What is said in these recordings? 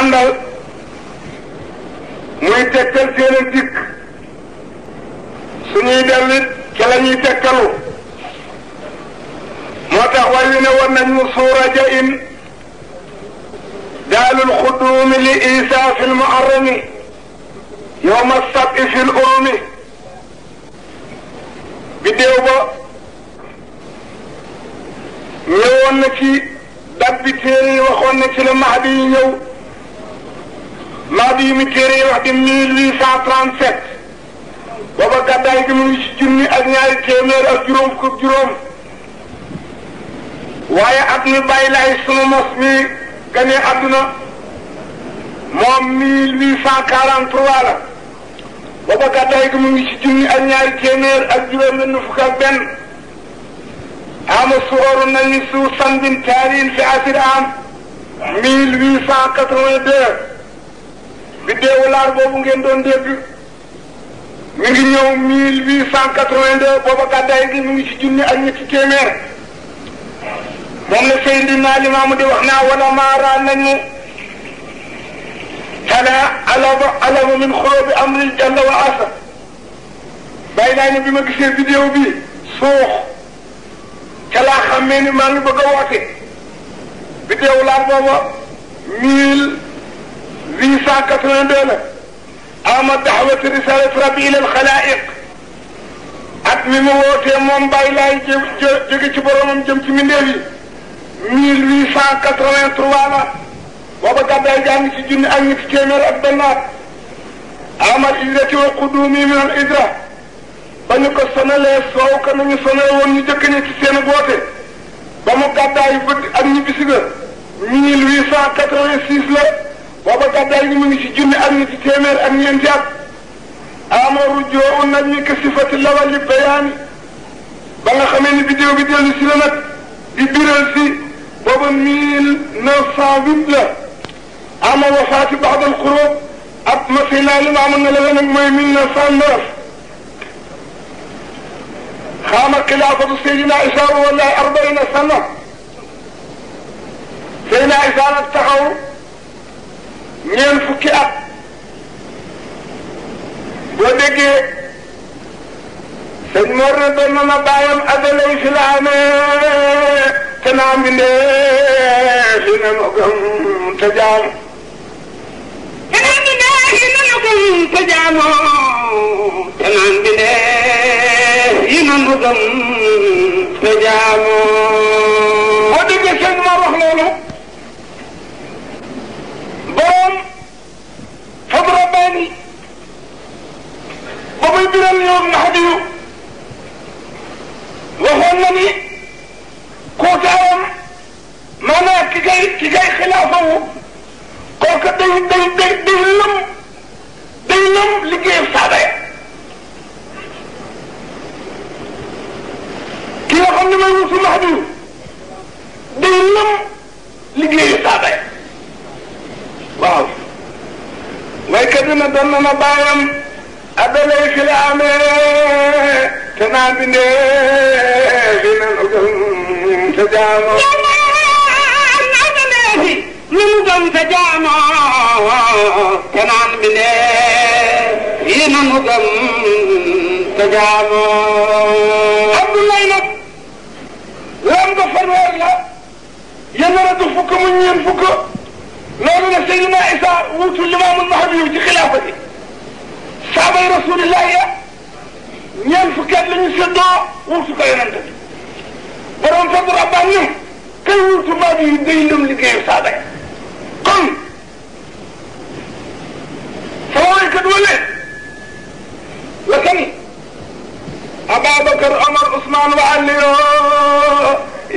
àndal muy tegtal seen dikk suñuy dellit ca la ñuy tegtalu moo tax way wi ne war suura ja in daalul xuduumi li isa fi lmuharrami yowma sabi fi lurumi biddéew ba ñëwoon na ci dabbi téere yi waxoon na ci la mahdi yi ñëw Maodo yu mu wax di mille huit cent trente sept booba gàddaay gi mu ngi ci junni ak ñaari téeméer ak juróom fukk juróom waaye at mi bàyyi laay sunu mos mi gane àdduna moom mille huit ak ñaari téeméer ak juróom benn fukk ak benn ama suwaru nañu suuf sandin fi asir am mille huit cent quatre biddeewu laar boobu ngeen doon dégg mi ñëw mille huit cent quatre-vingt-deux booba gàddaay gi mi ngi ci junni ak ñetti téeméer moom la Seydina Limaamu di wax naa wala maaraan nañu tala alaba alaba min xuloo bi amri jalla wa asa bàyyi naa ne bi ma gisee vidéo bi suux ca laa xamee maa ngi bëgg a woote vidéo laar booba mille 882 la ama daxwatu risalat rabbi ila alxalaaiq at mi mu wootee moom bàyyi laay jóge ci boromam jëm ci mbindeef yi 1883 la booba gàddaay gaa ngi ci junni ak ñetti téeméer ak benn at amal hijrati wa qudumi min al hijra ba ñu ko sonalee soow ka nañu sonale woon ñu jëkk ñi ci seen woote ba mu gàddaay bët ak ñibbisi ga 1886 la booba gàddaay gi mu ngi ci junni ak ñi ci téeméer ak ñeenti at amaru joo un nag ñi ko sifati lawal li bayaani ba nga xamee ni vidéo bi dellu si la nag di biral si booba mille neuf cent huit la ama wafaati baad al xurub ak masay naa li ma amoon na la nag mooy mille neuf cent neuf xaama xilaafatu Seydina Isaa wallaay arbaina sana Seydina Isaa nag taxaw ñeent fukki at boo déggee sëñ Mor na doon na ma bàyyam agalay fi la amee te naa mbindee fi na nu gëm te jaam te naa mbindee fi na na nu gëm te jaamoo ba muy biral ñoom Mahdi yu waxoon na ni kootaawam maanaam ki ki kay xilaafa wu kooka day day day day lëm day lëm ki nga xam ne mooy wusu Mahdi yu day lëm liggéeyu saaba ya waaw waaye kat dina doon na na bàyyam addalay fi la amee te naa bindee fi nanu gëm te jaamoo. addalay fi nanu gëm te jaamoo te naan bindee fi nanu gëm te jaamoo. Abdoulaye nag lan ba fanweer la yéen a rëdd fukk mu ñeen fukk loolu la Seydina Isa wuutu limaamul Mahdi ci xilaafa bi saabay rasulillahi ya ñeent fukki at la ñu séddoo wuutu ko yonente bi borom fadu rabbaan ne kay wuutu maam yi day ndëm liggéeyu saaba ya kon sama waykat wale la kani Ababacar Omar Ousmane wa Aliyo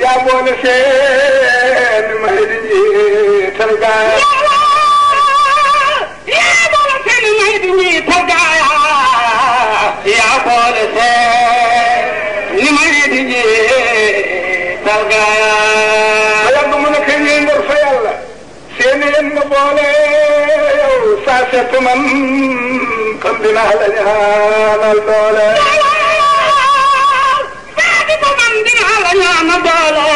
yaa mboole seen mahdi ji targaay ñi targaaya yaa boole seen ni ma yéeg ñi targaaya yàlla mu ne kay ngeen ngor fa yàlla seeni leen nga boole yow saa seetu man kon dinaa la ñaanal doole ñaana doole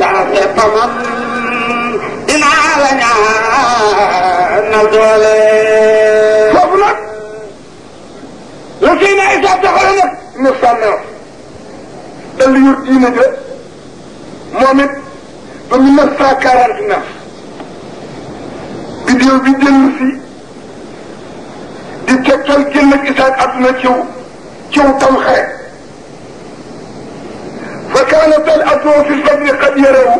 jaase pamam dinaa la ñaana doole daa taxawal nag neuf cent neuf dal yor diine ja moom it ba mille neuf cent quarante neuf vidéo bi dellu si di tegtal génn ak isaak àdduna ciw ciw tam xare fa kaana tal atoo fi fadli qad yarawu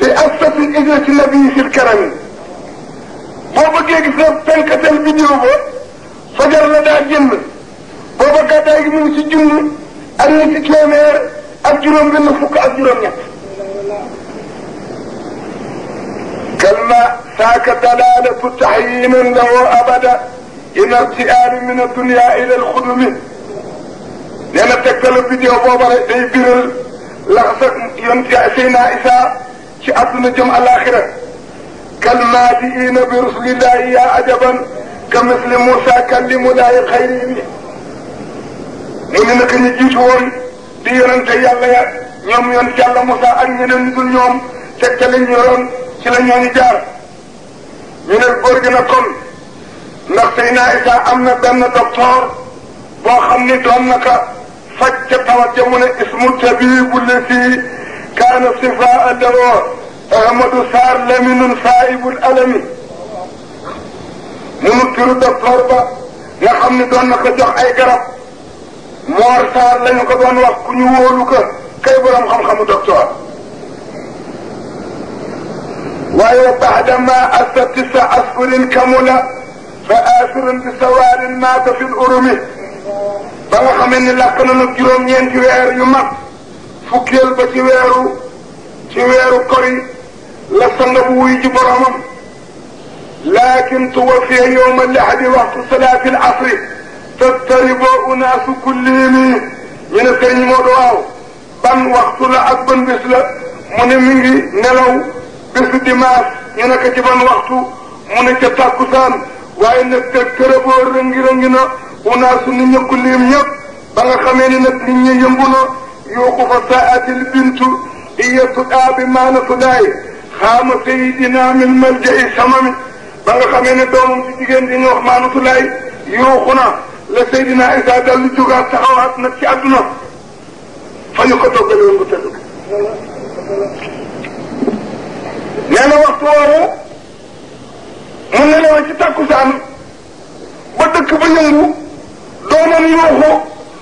fi asfati ijrati nabii fil karami boo bëggee gis na penkatal vidéo ba fajar la daa génn booba gàddaay gi mu ngi si junni ak ñetti téeméer ak juróom benn fukk ak juróom-ñett. kalla saaka dalaalatu taxyiinan lahu abada ila irtiaali min addunia ila alxudumi nee na tegtalu vidéo booba rek day biral laxas yoon Seydina Isa ci àdduna jëm àllaaxira kalmaadiina bi rusulillahi yaa ajaban ka misli Muusaa kallimu laahi xayri loolu nag ñu jiitu woon di yonente yàlla ya ñoom yoon yàlla Musaa ak ñeneen dul ñoom teg ca jaar ñu ne góor gi nag kon ndax Seydina Isa am na benn docteur boo xam ni doon na ka faj ca tawat ja mu ne ismu tabibu lesi kaana sifaa daroo alami munu turu docteur ba nga xam ni doon na ko ay garab Mor Sarr lañu ko doon wax ku ñu wóolu ko kay borom xam-xamu docteur waaye baadama asa tisa ashurin kamula fa asirun bi sawaarin maata fi urumi ba nga xamee ni làkk nañu juróom-ñeenti weer yu mag fukkeel ba ci weeru ci weeru kori la sang bu wuy ji boromam laakin tuwafiya yowma lahadi waxtu salaati al asri tattaribo unaasu kullihimi ñu ne sëriñ Moodu waaw ban waxtu la ak ban bés la mu ne mi ngi nelaw bésu dimanche ñu ne ko ci ban waxtu mu ne ca tàkkusaan waaye nag te tërëboo rëngi-rëngi na unaasu nit ñi kullihim ñëpp ba nga xamee ni nag nit ñi yëmbu na yuuqu fa saatil bintu iyatu aabi maanatu daay xaama sayidina min malja'i samami ba nga xamee ne doomam ci di ñu wax maanatu laay yuuxu na لسيدنا إذا دل الجوغا تعوات نتي أدنا فيقطع بلون بتدك لأنه وقت وارو من لنا وانت تاكو سان بدك بيونغو دوما نيوهو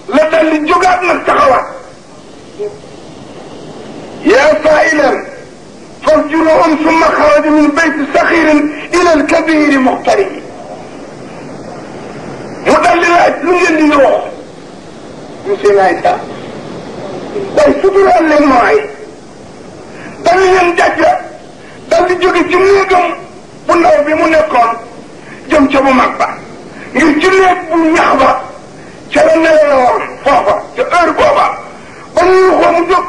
لدل الجوغا تعوات يا سائلا فرجلهم ثم خرج من بيت سخير إلى الكبير مقترين mu daldi laaj lu ngeen di wax monsieur Naïssa waaye suturaal leen mooy dañu leen jàjja daldi jóge ci néegam bu ndaw bi mu nekkoon jëm ca bu mag ba ngir ci néeg bu ñax ba ca la nelawoon foofa ca heure booba ba ñu ko mu jóg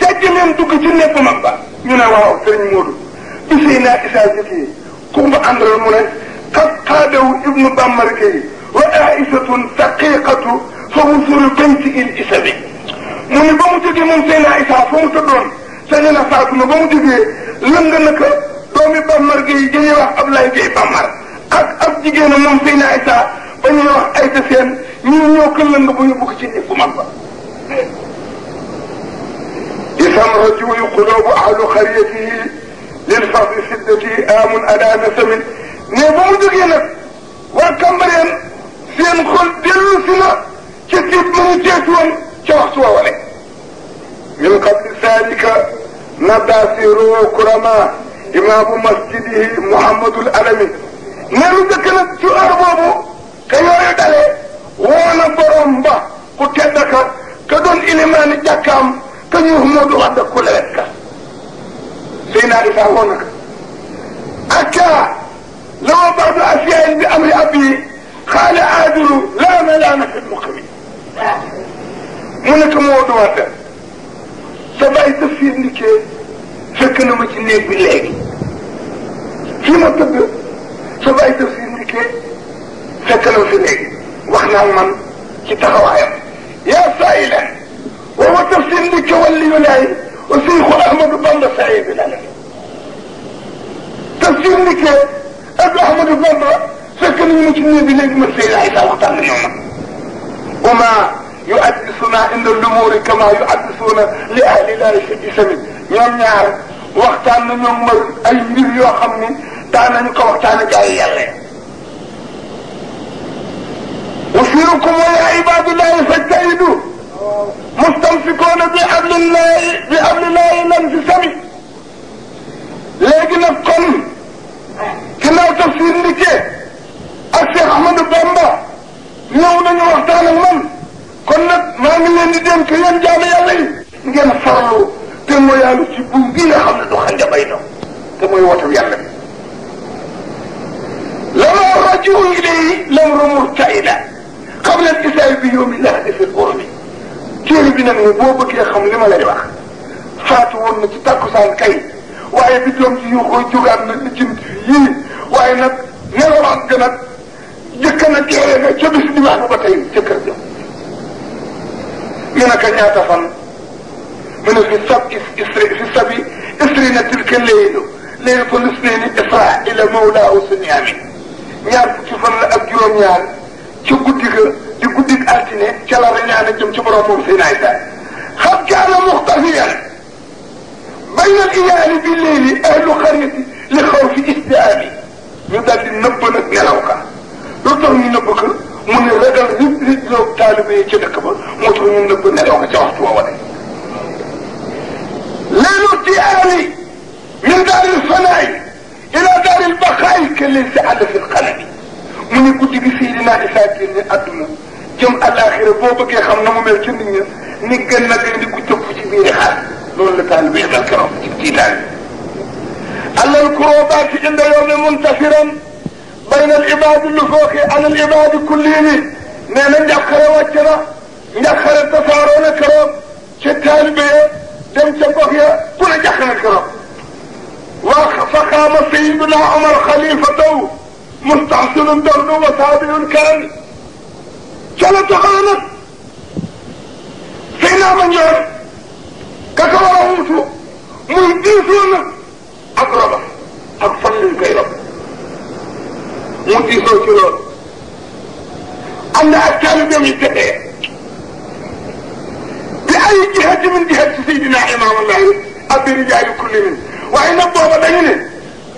jàjja leen dugg ci néeg bu mag ba ñu ne waaw sëriñ Modou bi Seydina Issa jógee ku mu àndal mu ne قد قاده ابن بامركي وعائشة شقيقة فوصول بنت الإسبي mu ni ba mu jógee moom seen Aïssa fa mu tëddoon sañu na faatu na ba mu jógee lëng na ko doomi Bamar Gueye dañuy wax Ablaye Gueye Bamar ak ab jigéen moom seen Aïssa ba ñuy wax Aïssa seen ñun ñoo ko lëng ba ñu bugg ci nit bu mag ba. isam rajiwu qulubu ahlu xariyatihi lil fardi siddati amun ala nasabin mais ba mu jógee nag war kambareen seen xol dellu si na ca tiit ma mu teesu woon ca waxtu wa wane min qabli salika nabda siru kurama imaamu masjidihi muhammadul alami ne lu dëkk nag ci ka yooyu dalee woo na ku tedd ka ka doon ilimaani روى بعض أشياء بأمر أبي قال عادل لا ملامة المقبل منك موضوعة سبعي تفسير لك شكنا مجنين بالله في مطبع سبعي تفسير لك شكنا مجنين واحنا من كتاخوا يا سائلة وهو تفسير لك واللي يلاهي وسيخ أحمد بن سعيد العلمي تفسير لك قالوا احمد بابا سكنوا المجنون بلاد مسيح عيسى وقتها منهم وما يؤدسنا عند الامور كما يؤدسون لاهل لا يشد سمين يوم يعرف وقت ان ñoom ma ay mbir yoo xam ni daan nañu ko waxtaan ak ay يا عباد الله فاجتهدوا مستمسكون بحبل الله بحبل الله لم تسمي لكن القلب mu tafsir Ndické ak Cheikh Ahmadou Bamba ñëw nañu waxtaan ak man kon nag maa ngi leen di dénk yéen jaamu yàlla yi ngeen farlu te moyaalu ci buum bii nga xam ne du xanjabay na te mooy wootam yàlla bi lamaa rajiun ilayhi lamru murtaida qabla intisaabi bi yawmi lahdi fi l-urmi téere bi nag ni boo bëggee xam li ma lay wax faatu woon na ci takkusaan kay waaye bi doom ci yu ko jógaat na lijjanti yii waaye nag nasaraan ga nag jëkk na joxe na ca bis dimaas ba tey ca kër ga ñu ne ko ñaata fan mu ne fi sab isri fi sabi isri na tilka léelu léelu ko lisnee ni israa ila mawlaahu sunyaami ñaar fukki fan la ak juróom-ñaar ci guddi ga di guddi altine ca la rañaane jëm ci boromam seenaay daal xam kaana muxtafiyan بين الإله بالليل أهل قرية لخوف إسلامي ñu dal di nëbb nag nelaw ka lu tax ñu nëbb ko mu ne ragal nit nit loog taalibe yi ci dëkk ba moo tax ñu nëbb nelaw ka ca waxtu woowa de ليل الديان من دار الفناء الى دار البقاء كالليل سعد في القلب من يقول لي سيدنا عيسى كين ادنا جم الاخره بو بكي خم نمو مل تي نيت ني گن نا گن دي كو تيب سي بير خال لول لا طالب يمال كرام تي تي أن الكروبات عند يوم منتصرا بين العباد اللي فوق عن العباد كلهم nee na njàqare wàcc na njàqare tasaaroo na keroog ca taalibe ya dem ca gox ya ku ne jàqare keroog waa fa qaama sayiduna omar xalifatahu mustahsinun dardu wa saabiun kaani ca la taxaw nag sëy naa ma njoor ka ko war a wuutu muy diisoo nag ak roba ak fan lañ koy rob mu diisoo ci loolu am na ak taalibeem yu teddee bi ay jihati min jihati sayidina imamallahi ak bi rijaali kulli min waaye nag booba dañu ne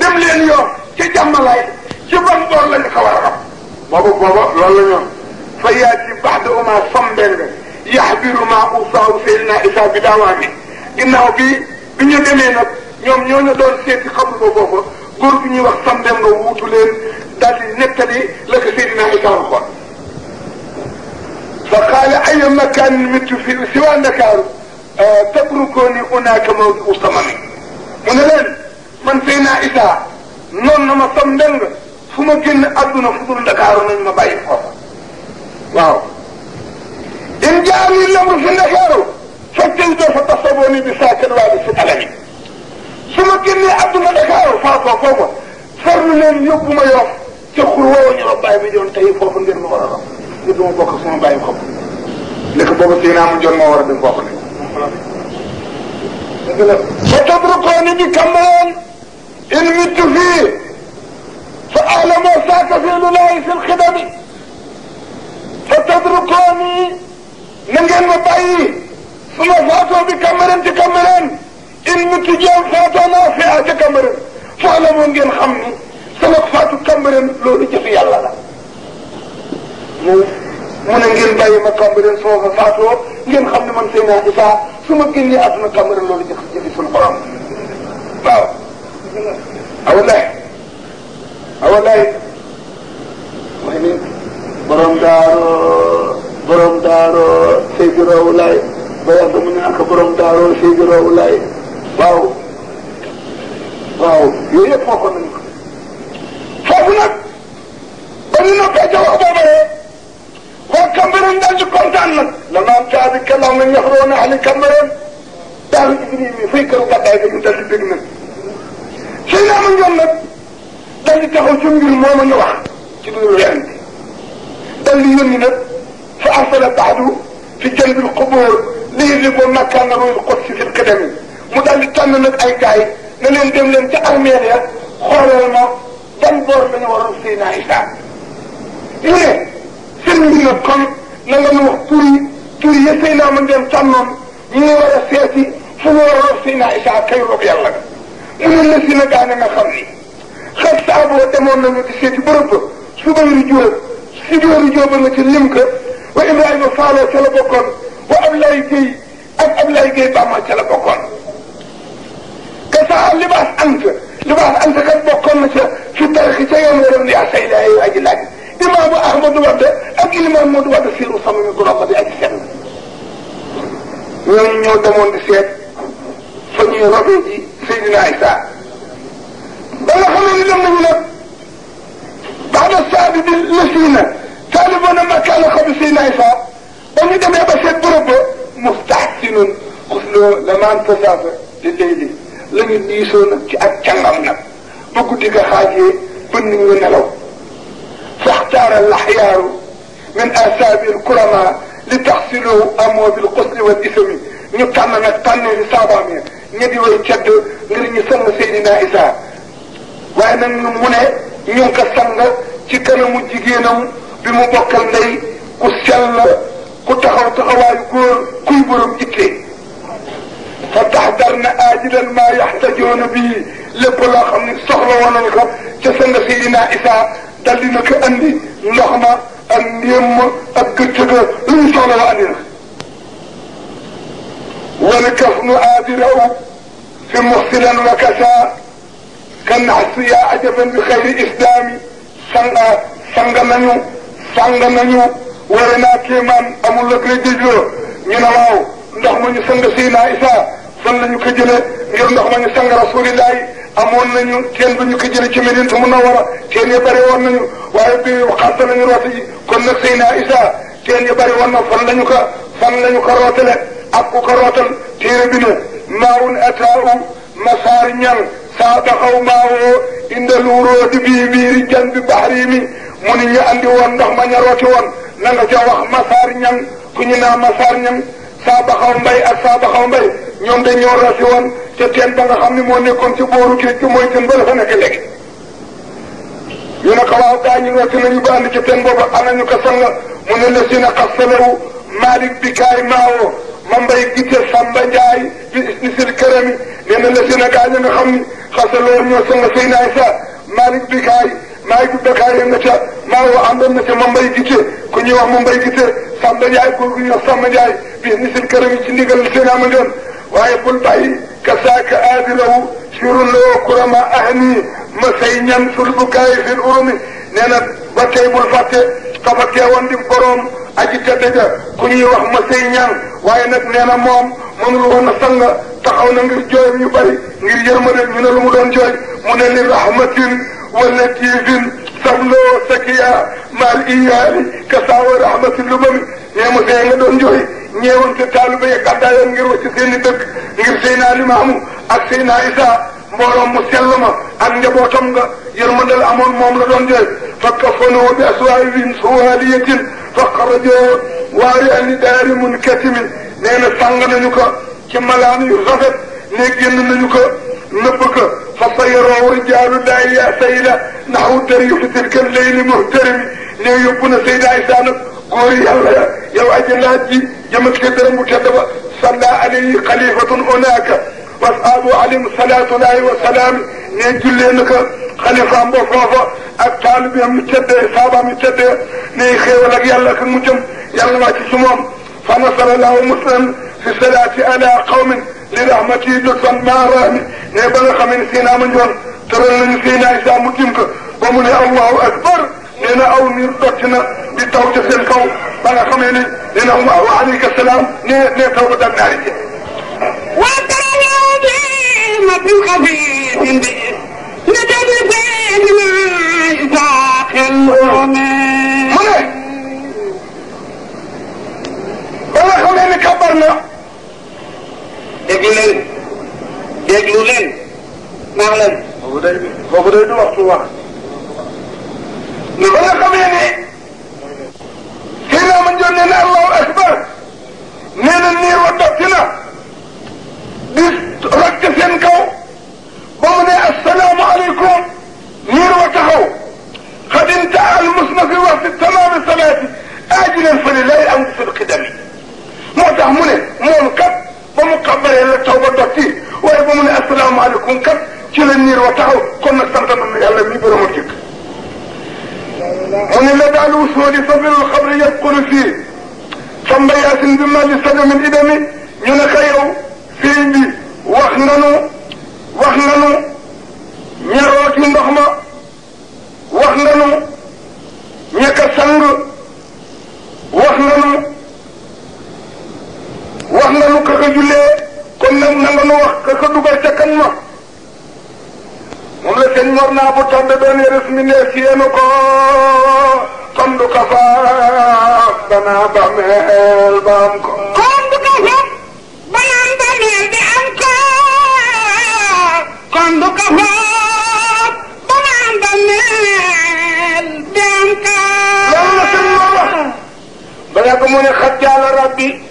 dem leen yoo ca jàmmalaay ci ban boor lañu ko war a rob boobu booba loolu la ñoom fa yaati baxda uma samben nga yaxbiru ma usaaw sayidina isa bi daawaami ginnaaw bi bi ñu demee nag ñoom ñoo ñu doon seeti xabru ba boobu góor bi ñuy wax Samba nga wuutu leen daal di nettali la ko Seydina Isa waxoon fa qaala ayyu makaanin mittu fi siwaa Ndakaaru tatrukuuni hunaaka mawdiu samami mu ne leen man Seydina Isa noonu na ma sam ndeng fu ma génn àdduna fu dul Ndakaaru nañ ma bàyyi foofa waaw in jaani lamru fi Ndakaaru fa tasabuni bi saakan waa bi fi alami su ma génnee àdduna Dakar faafoo foofa farlu leen yóbbu ma yorof te xur woo ñu rob bàyyi bi doon tey foofu ngeen ma war a rob ngir duma bokk sama bàyyi xam nekk boobu sëy naa mu jon moo war a dem bokk ne فتدركوني بكمان إن مت فيه فأهل موسى كفيل الله في الخدم فتدركوني من غير ما بقى ثم فاتوا بكمرن تكمرن in mutu jeem faataanaa fi aja Cambérène faala moo ngeen xam ni sama faatu Cambérène loolu jëf yàlla la mu mu ne ngeen bàyyi ma Cambérène soo fa ngeen xam ne man sëy naa Isaa su ma génnee àdduna Cambérène loolu jëf jëfi suñu borom waaw awalaay awalaay mooy ni borom daaroo borom daaroo Seydou Rawlaay mu ne ak borom daaroo Seydou Rawlaay واو واو yooyu yëpp moo ko mën foofu nag ba ñu noppee jawab booba rek waa Cambérène daal di kontaan nag la maam caabi kalaam la ñaxroo na ali Cambérène daal di gis nii fay këru gàddaay ga ñu dal di dégg nag sëy naa ma ñoom nag dal di taxaw ci mbir moo ma ñu wax ci dul ren bi dal di yónni nag fa arsala baadu fi jalbil qubur li yëg ko makkaan na royul qot si fil kadami mu daal di tànn nag ay gaay na leen dem leen ca armeel ya xoolal ma ban boor la ñu waroon sëy naa Isaa mu ne sëriñ bi nag kon na nga nu wax tur yi tur yi sëy naa mën dem tànnoon ñu war a seeti fu mu waroon sëy naa Isaa kay roog yàlla mu ne la si na gaa ne nga xam ni xel saaboo demoon nañu di seeti bërëb ba subayru jóob si jóoru jóoba nga ci lim ka wa Ibrahima Faalo ca la bokkoon wa Ablaye Gueye ak Ablaye Gueye Bama ca la bokkoon taxaw li baax am ca li baax am ca kat bokkoon na ca ci tarixi ca yoon waroon yaa say laa yow aji laaj imaamu Ahmadou Wade ak imaam Modou Wade siiru sama mi du rokkati aji seet ñooñu ñoo demoon di seet fa ñuy robe ji Seydina Isa ba nga xam ne dem nañu nag baax na saabi bi lësiina taaliboon na makka la xam Seydina Isa ba ñu demee ba seet bërëb ba mustahsinun xuslo la maan tasaasa li léegi la ñu diisoo nag ci ak cangam nag ba guddi ga nelaw bën nañu nelaw faxtaara laxyaaru min asaabi alkurama li taxsiloo amoo bil xusli wal isami ñu tànn nag tànnee li saabaam ya ña di way cedd ngir ñu sang Seydina Isa waaye nag mu ne ñu ngi ko sang ci kanamu jigéenam bi mu bokkal ndey ku sell ku taxaw taxawaayu góor kuy borom ittee فتحضرنا اجلا ما يحتاجون به لبلا خمي صحر وانا الخب جسنا سيدنا إساء دلنا كأني لحمة النيم الكتب لنصر وانيا ولكفن آدره في مصر وكساء كان حسيا عجبا بخير إسلامي سنغا سنغا نيو سنغا نيو ورنا كيمان أمو لك لديجو ينالاو نحن نسنغ سينا إساء fan la ñu ko jëlee ngir ndox ma ñu sang rasulillahi amoon nañu teen ba ñu ko jëlee ci Medina Munawara teen ya bëri woon nañu waaye bi xaasta lañu roote ji kon nag Seydina Isa teen ya bëri woon na fan lañu ko fan lañu ko rootale ak ku ko rootal téere bi ne maawun ataahu masaar ñan saa daxaw maawoo lu wuroodi bii biiri jan bi baxri mi mu ni ñu andi woon ndox ma ña rooti woon na nga ca wax masaar ku ñu naa masaar saa baxaw mbay ak saa baxaw mbay ñoom dañ ñoo rasi woon te teen ba nga xam ne moo nekkoon ci booru géej gi mooy teen ba la fa nekk léegi ñu ne ko waaw gaa ñun rasi nañu ba ànd ci teen boobu ana ñu ko sanga mu ne la si na xasalawu Malick bi kaay maawoo ma mbay gite Samba Ndiaye bi isil kërami nee na ca ma mbay gite ku ñuy ma mbay gite la Ndiaye góor gu ñuy wax Samba Ndiaye bii ni seen këram ci ndigal seen amandoon waaye bul bàyyi kasaaka aadirawu surun ma say ñan sul bu kaay seen urumi nee ba tey bul fàtte dafa teewoon di boroom aji tedd ga ku ñuy wax ma say ñan na moom mënul woon a sang na ngir jooyam yu bëri ngir yërmande ñu ne lu mu doon jooy mu ne li rahmatin wa latifin samloo sakiya maal iyaani kasaawa rahmatul lumami nee ma fee nga taaliba ya gàddaayoon ngir wacc i dëkk ngir Seydina Limaamu ak Seydina Isaa mbooloo mu sell ma ak njabootam nga yërmande la amoon moom la doon jooy fa kafanoo bi aswaabin suwaaliyatin fa xarajoo waariyaani daari munkatimi nee na sàng nañu ko yu rafet ne génn nañu لبك فصير رجال لا يأسينا نحو الدري في تلك الليل مهترم ليه يبنى سيد عيسانك قولي يلا يلا جلاتي يمسك درم مجدبة صلى عليه خليفة هناك واصحابه عليهم صلاة الله وسلام نجل لك خليفة مفرفة أبتال بها مجدة إصابة مجدة نيخي ولك يلا المجم يلا ما تسمهم فنصر الله مسلم في صلاة على قوم li tax ma ciy jot fan maa raami ne ba nga xamee ne Seydina Mandione tëral nañu Seydina Issa mu tim ko ba mu ne allahu akbar nee na aw niir dott na di taw ca seen kaw ba nga xamee ne nee na wa alayka salaam ne ne taw ba daan naari ji. mu ne ba nga xamee ne kabar na. دجلن دجلن مغلن وغداي دو وقت واحد نقول لكم يعني هنا من جنن الله أكبر نين النير ودتنا دي ركسين كو بمني السلام عليكم نير وتحو قد انتهى المصنف وقت تمام الصلاة أجل الفليلين أنفس القدمي متهمنه منكر xabaar yàlla taw ba dog ci waaye ba mu ne asalaamaaleykum kat ci la niir wa taxaw kon nag sant nañu yàlla mi borom ak jëkk mu ne la daal usuli sabilul xabri yaqulu fii samba yaasin bi ma li sadamin idami ñu ne ko yow fii bi wax nanu wax nanu ñeroo ci ndox ma wax nanu ñekka sang wax nanu wax na lu ka ka jullee kon nag na nga nu wax ka ka dugal ca kan ma moom la sëñ Mor naa bu tànn doon yore su ñu nee siyéenu ko kon du ka faaf banaa bàmmeel ba am ko. kon du ka faaf banaa bàmmeel ba am ko kon du ka faaf banaa bàmmeel ba am ko. loolu la sëñ Mor wax. ba yàgg mu ne xajjaala rabbi.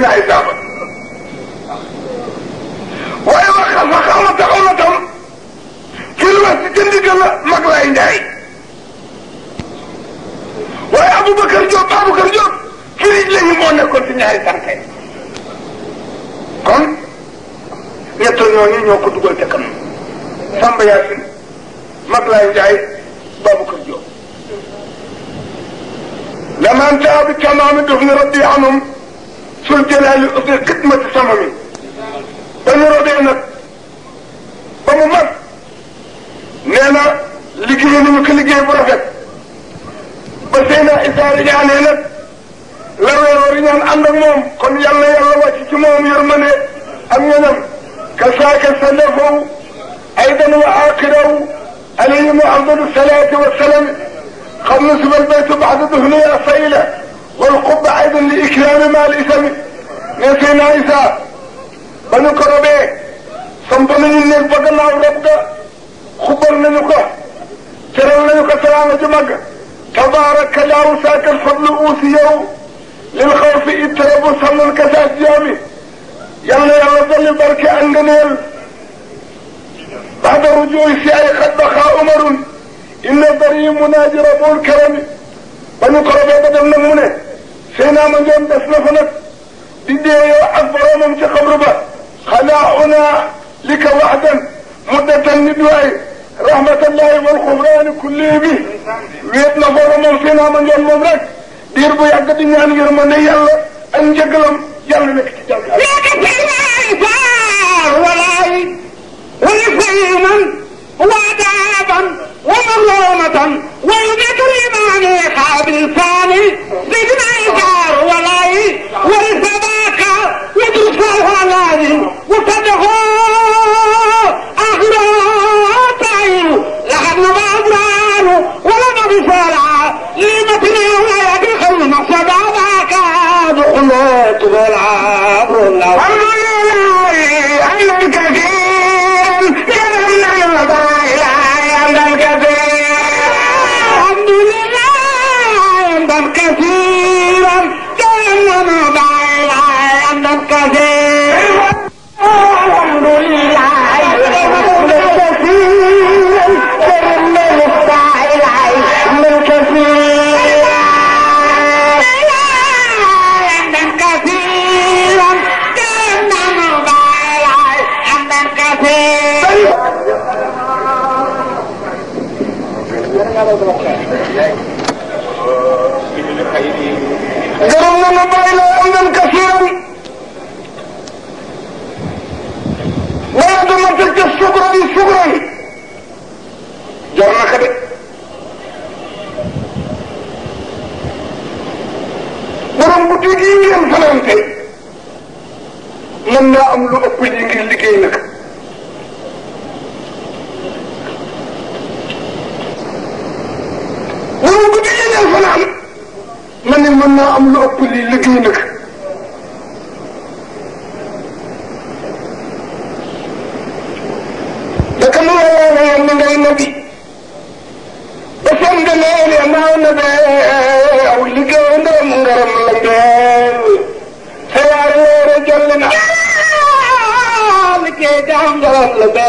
na ay saaba waaye wax xam xam na taxaw na tam ci lu wax ci jënd la mag laay njaay waaye Aboubacar Diop Aboubacar Diop fii la ñu moo nekkoon ci ñaari tànke kon ñett ñooñu ñoo ko dugal ca kanam Samba Yacine mag laay njaay Baboucar Diop. damaan taabi tamaami daf ni rabbi anum dul jëlaat yu xidmatu sama mi ba mu robee nag ba mu mag nee na liggéey nañu ko liggéey bu rafet ba Seyna Issa riñaanee nag la reeroo riñaan ànd ak moom kon yàlla yàlla wàcc ci moom yërmande ak ñenam كذاك سلفوا ايضا واخره عليهم افضل الصلاه والسلام قبل سب البيت بعد دهنيه صيله والقبه ايضا لاكرام مع الاثم mais Seydina Isa ba ñu ko robee samp nañu néeg ba gannaaw rob ga xubal nañu ko teral nañu ko salaama ju mag lil xaw fi ittarabu sànnal kasaas jaami yàlla yàlla dolli barke ak ngëneel بعد رجوع سعي قد بقى عمر إن بري مناجر أبو الكرم بنقرب di deeyoo ak boromam ci xabru ba xanaa una li ka waxdan muddatan nit waay rahmatallahi wal xubraani kulli bi wéet na boromam fii naa ma njoon moom rek diir bu yàgg di ñaan yërmande yàlla ak njëgalam yàlla nekk ci jàmm no me bailar no me लॻल गे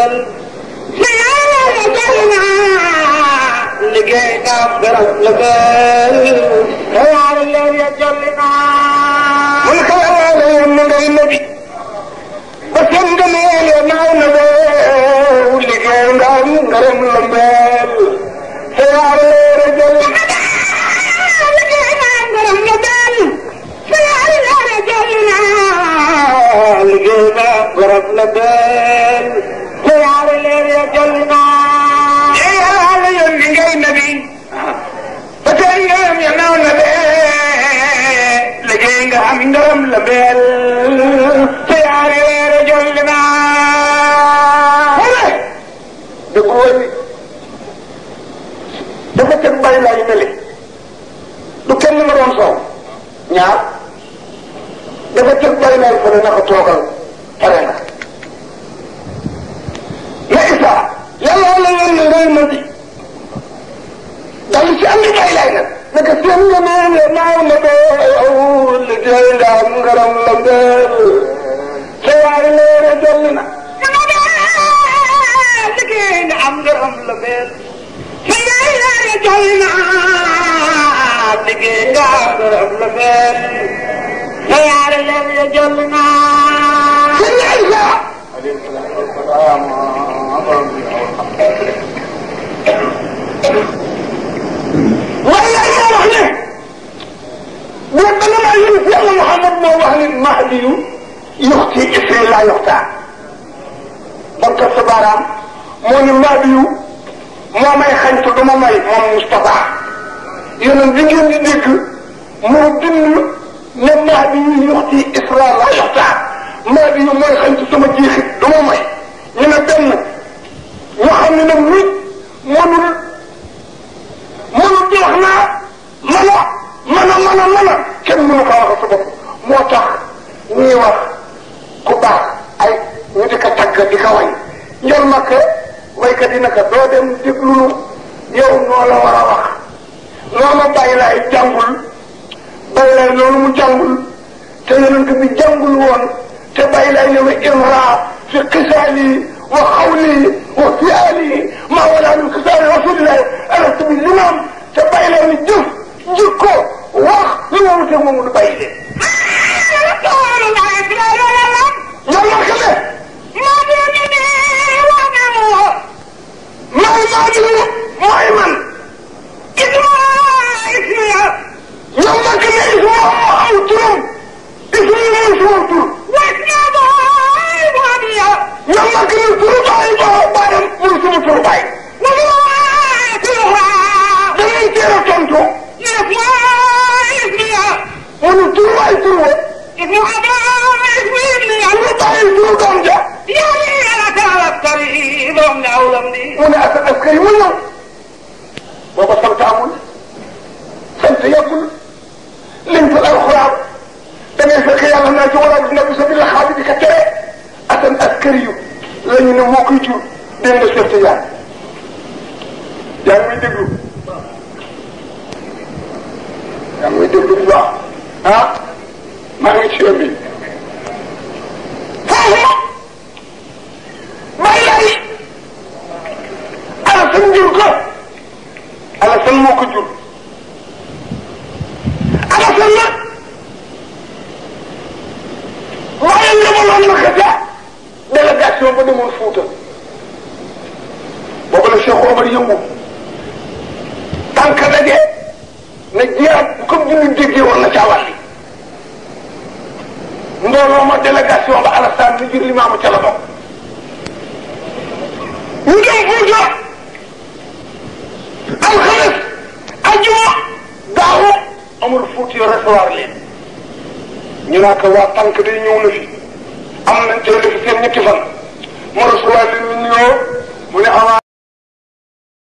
नाल चला हूं न पसंद नवे उल game कर borom la benn siyaare leen ya jël naa yow yàlla la yoon ni ngay nabi ah. ba la bee la beel siyaare leen ya jël naa wala dëgg woon dafa kenn bàyyi laay ñaar dafa kenn bàyyi laay na ko toogal പറയുന്നത് ليس لما أنا من غير المضي بل سأمي كايلانا لك سأمي من معهم أول جايل عنقر المدار سواء الليل جلنا لكن عنقر المدار سواء الليل جلنا لكن عنقر المدار سواء الليل جلنا طعام عضبي أو حقه وإلى أين رحله؟ ربنا ما يريد يا محمد ما وحلي ما حليو يحكي اسم لا يحكى بركة سبارة مون ما بيو ما ما يخنت دم ما يمام مصطفى يوم بيجي بيجيك مو دم لما بيو يحكي اسم لا يحكى ما بيو ما يخنت دم جيخ دم ما يخنت ñu ne benn ñu xam ne nag nit mënul mënul di wax naa mën a mën a mën a mën sa bopp moo tax ñuy wax ku baax ay ñu di ko tagg di ko wañ njol makka waykat yi naka doo dem déglulu yow noo la wax loo ma bàyyi laay jàngul bàyyi laay loolu mu jàngul te yonent bi jàngul woon te bàyyi laay ñëw imra في قتالي وقولي وفعالي ما لا من قتال رسول الله أردت بالإمام تبعي من الدف جكو وقت لما متهم من show me.